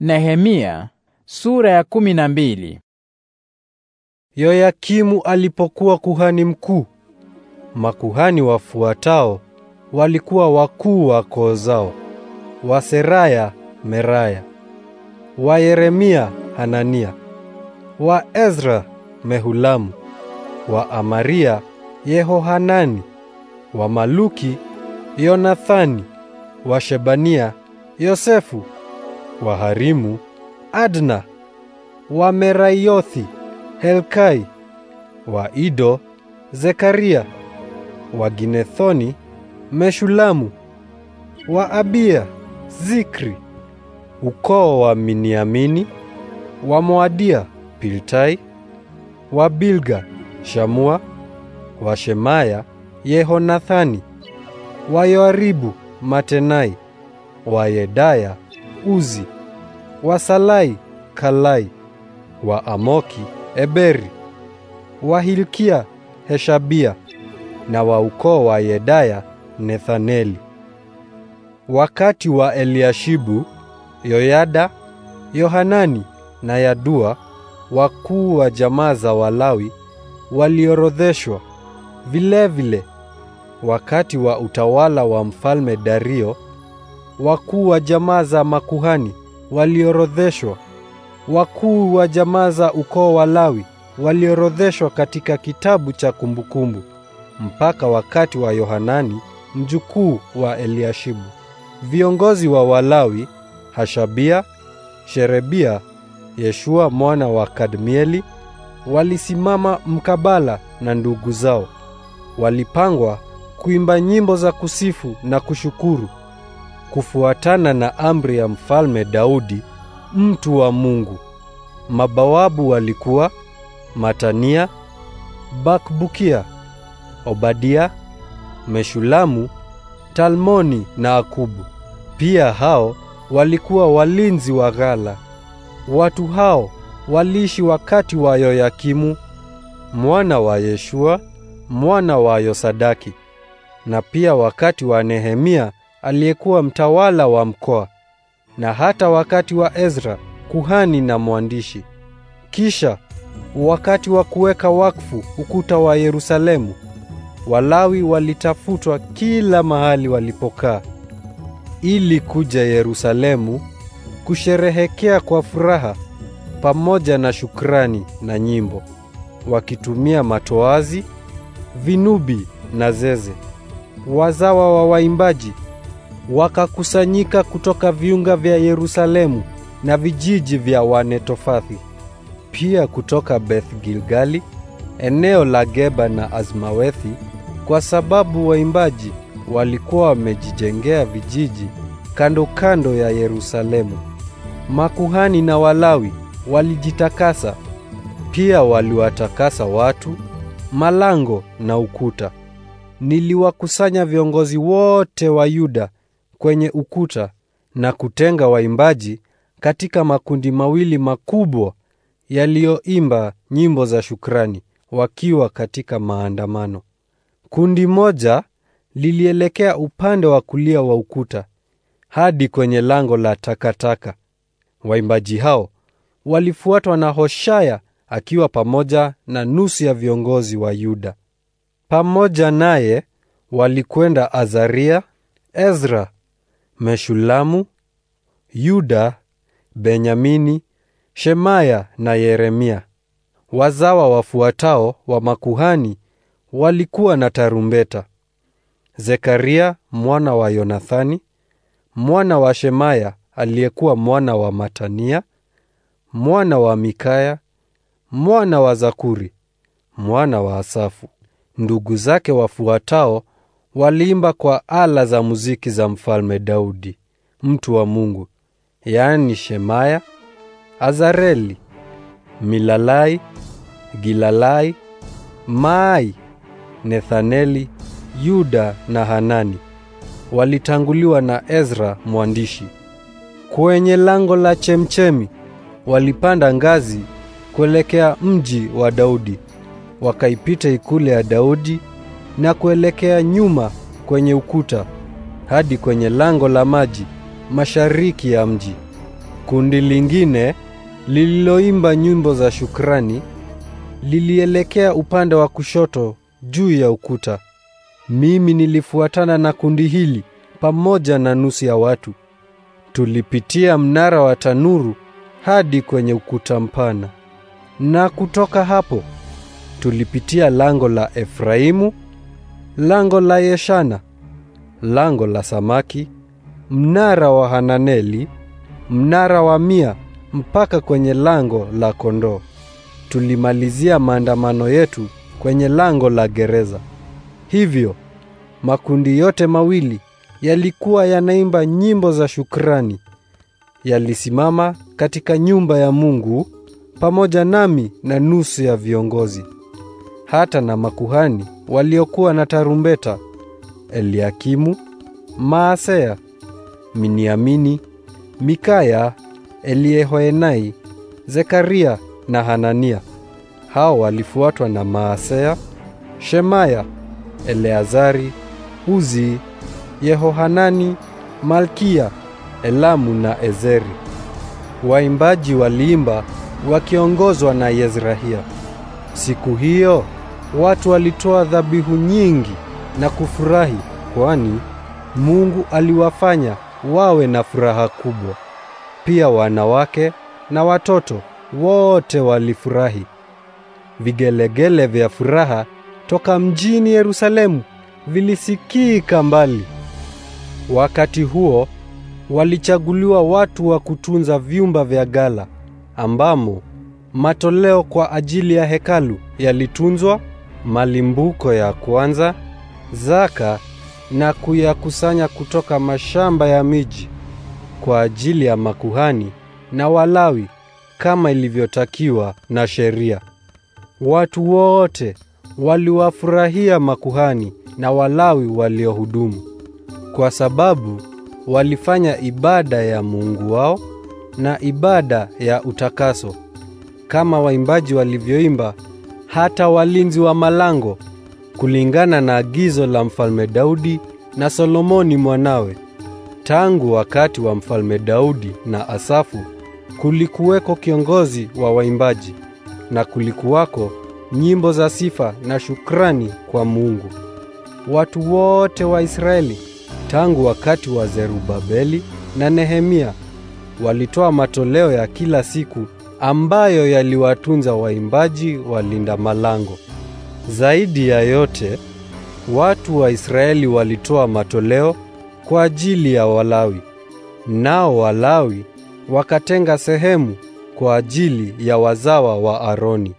Nehemia sura ya kumi na mbili. Yoyakimu alipokuwa kuhani mkuu, makuhani wafuatao walikuwa wakuu wa koo zao: Waseraya Meraya, wa Yeremia Hanania, wa Ezra Mehulamu, wa Amaria Yehohanani, wa Maluki Yonathani, wa Shebania Yosefu Waharimu, Adna, Wamerayothi, Helkai, Waido, Zekaria, Waginethoni, Meshulamu, Waabia, Zikri, ukoo wa Miniamini, Wamoadia, Piltai, Wabilga, Shamua, Washemaya, Yehonathani, Wayoaribu, Matenai, Wayedaya, Uzi, wa Salai Kalai, wa Amoki Eberi, wa Hilkia Heshabia, na wa ukoo wa Yedaya Nethaneli. Wakati wa Eliashibu, Yoyada, Yohanani na Yadua wakuu wa jamaa za Walawi waliorodheshwa. Vilevile, wakati wa utawala wa Mfalme Dario wakuu wa jamaa za makuhani waliorodheshwa, wakuu wa jamaa za ukoo wa Lawi waliorodheshwa katika kitabu cha kumbukumbu mpaka wakati wa Yohanani mjukuu wa Eliashibu. Viongozi wa Walawi: Hashabia, Sherebia, Yeshua mwana wa Kadmieli walisimama mkabala na ndugu zao. Walipangwa kuimba nyimbo za kusifu na kushukuru kufuatana na amri ya mfalme Daudi mtu wa Mungu. Mabawabu walikuwa Matania, Bakbukia, Obadia, Meshulamu, Talmoni na Akubu. Pia hao walikuwa walinzi wa ghala. Watu hao waliishi wakati wa Yoyakimu mwana wa Yeshua mwana wa Yosadaki na pia wakati wa Nehemia aliyekuwa mtawala wa mkoa, na hata wakati wa Ezra kuhani na mwandishi. Kisha wakati wa kuweka wakfu ukuta wa Yerusalemu, Walawi walitafutwa kila mahali walipokaa ili kuja Yerusalemu kusherehekea kwa furaha pamoja na shukrani na nyimbo, wakitumia matoazi, vinubi na zeze. Wazawa wa waimbaji wakakusanyika kutoka viunga vya Yerusalemu na vijiji vya Wanetofathi, pia kutoka Beth Gilgali, eneo la Geba na Azmawethi, kwa sababu waimbaji walikuwa wamejijengea vijiji kando kando ya Yerusalemu. Makuhani na Walawi walijitakasa pia, waliwatakasa watu, malango na ukuta. Niliwakusanya viongozi wote wa Yuda kwenye ukuta na kutenga waimbaji katika makundi mawili makubwa yaliyoimba nyimbo za shukrani wakiwa katika maandamano. Kundi moja lilielekea upande wa kulia wa ukuta hadi kwenye lango la takataka. Waimbaji hao walifuatwa na Hoshaya akiwa pamoja na nusu ya viongozi wa Yuda. Pamoja naye walikwenda Azaria, Ezra Meshulamu, Yuda, Benyamini, Shemaya na Yeremia. Wazawa wafuatao wa makuhani walikuwa na tarumbeta. Zekaria mwana wa Yonathani, mwana wa Shemaya aliyekuwa mwana wa Matania, mwana wa Mikaya, mwana wa Zakuri, mwana wa Asafu. Ndugu zake wafuatao waliimba kwa ala za muziki za mfalme Daudi mtu wa Mungu, yaani Shemaya, Azareli, Milalai, Gilalai, Maai, Nethaneli, Yuda na Hanani. Walitanguliwa na Ezra mwandishi. Kwenye lango la chemchemi walipanda ngazi kuelekea mji wa Daudi, wakaipita ikulu ya Daudi na kuelekea nyuma kwenye ukuta hadi kwenye lango la maji mashariki ya mji. Kundi lingine lililoimba nyimbo za shukrani lilielekea upande wa kushoto juu ya ukuta. Mimi nilifuatana na kundi hili pamoja na nusu ya watu. Tulipitia mnara wa tanuru hadi kwenye ukuta mpana, na kutoka hapo tulipitia lango la Efraimu lango la Yeshana, lango la Samaki, mnara wa Hananeli, mnara wa Mia mpaka kwenye lango la kondoo. Tulimalizia maandamano yetu kwenye lango la gereza. Hivyo makundi yote mawili yalikuwa yanaimba nyimbo za shukrani. Yalisimama katika nyumba ya Mungu pamoja nami na nusu ya viongozi hata na makuhani waliokuwa na tarumbeta, Eliakimu, Maaseya, Miniamini, Mikaya, Eliehoenai, Zekaria na Hanania. Hao walifuatwa na Maaseya, Shemaya, Eleazari, Uzi, Yehohanani, Malkia, Elamu na Ezeri. Waimbaji waliimba wakiongozwa na Yezrahia. Siku hiyo watu walitoa dhabihu nyingi na kufurahi, kwani Mungu aliwafanya wawe na furaha kubwa. Pia wanawake na watoto wote walifurahi. Vigelegele vya furaha toka mjini Yerusalemu vilisikika mbali. Wakati huo walichaguliwa watu wa kutunza vyumba vya gala ambamo matoleo kwa ajili ya hekalu yalitunzwa malimbuko ya kwanza, zaka na kuyakusanya kutoka mashamba ya miji kwa ajili ya makuhani na Walawi kama ilivyotakiwa na sheria. Watu wote waliwafurahia makuhani na Walawi waliohudumu kwa sababu walifanya ibada ya Mungu wao na ibada ya utakaso kama waimbaji walivyoimba hata walinzi wa malango, kulingana na agizo la mfalme Daudi na Solomoni mwanawe. Tangu wakati wa mfalme Daudi na Asafu kulikuweko kiongozi wa waimbaji na kulikuwako nyimbo za sifa na shukrani kwa Mungu. Watu wote wa Israeli tangu wakati wa Zerubabeli na Nehemia walitoa matoleo ya kila siku ambayo yaliwatunza waimbaji walinda malango. Zaidi ya yote, watu wa Israeli walitoa matoleo kwa ajili ya Walawi. Nao Walawi wakatenga sehemu kwa ajili ya wazawa wa Aroni.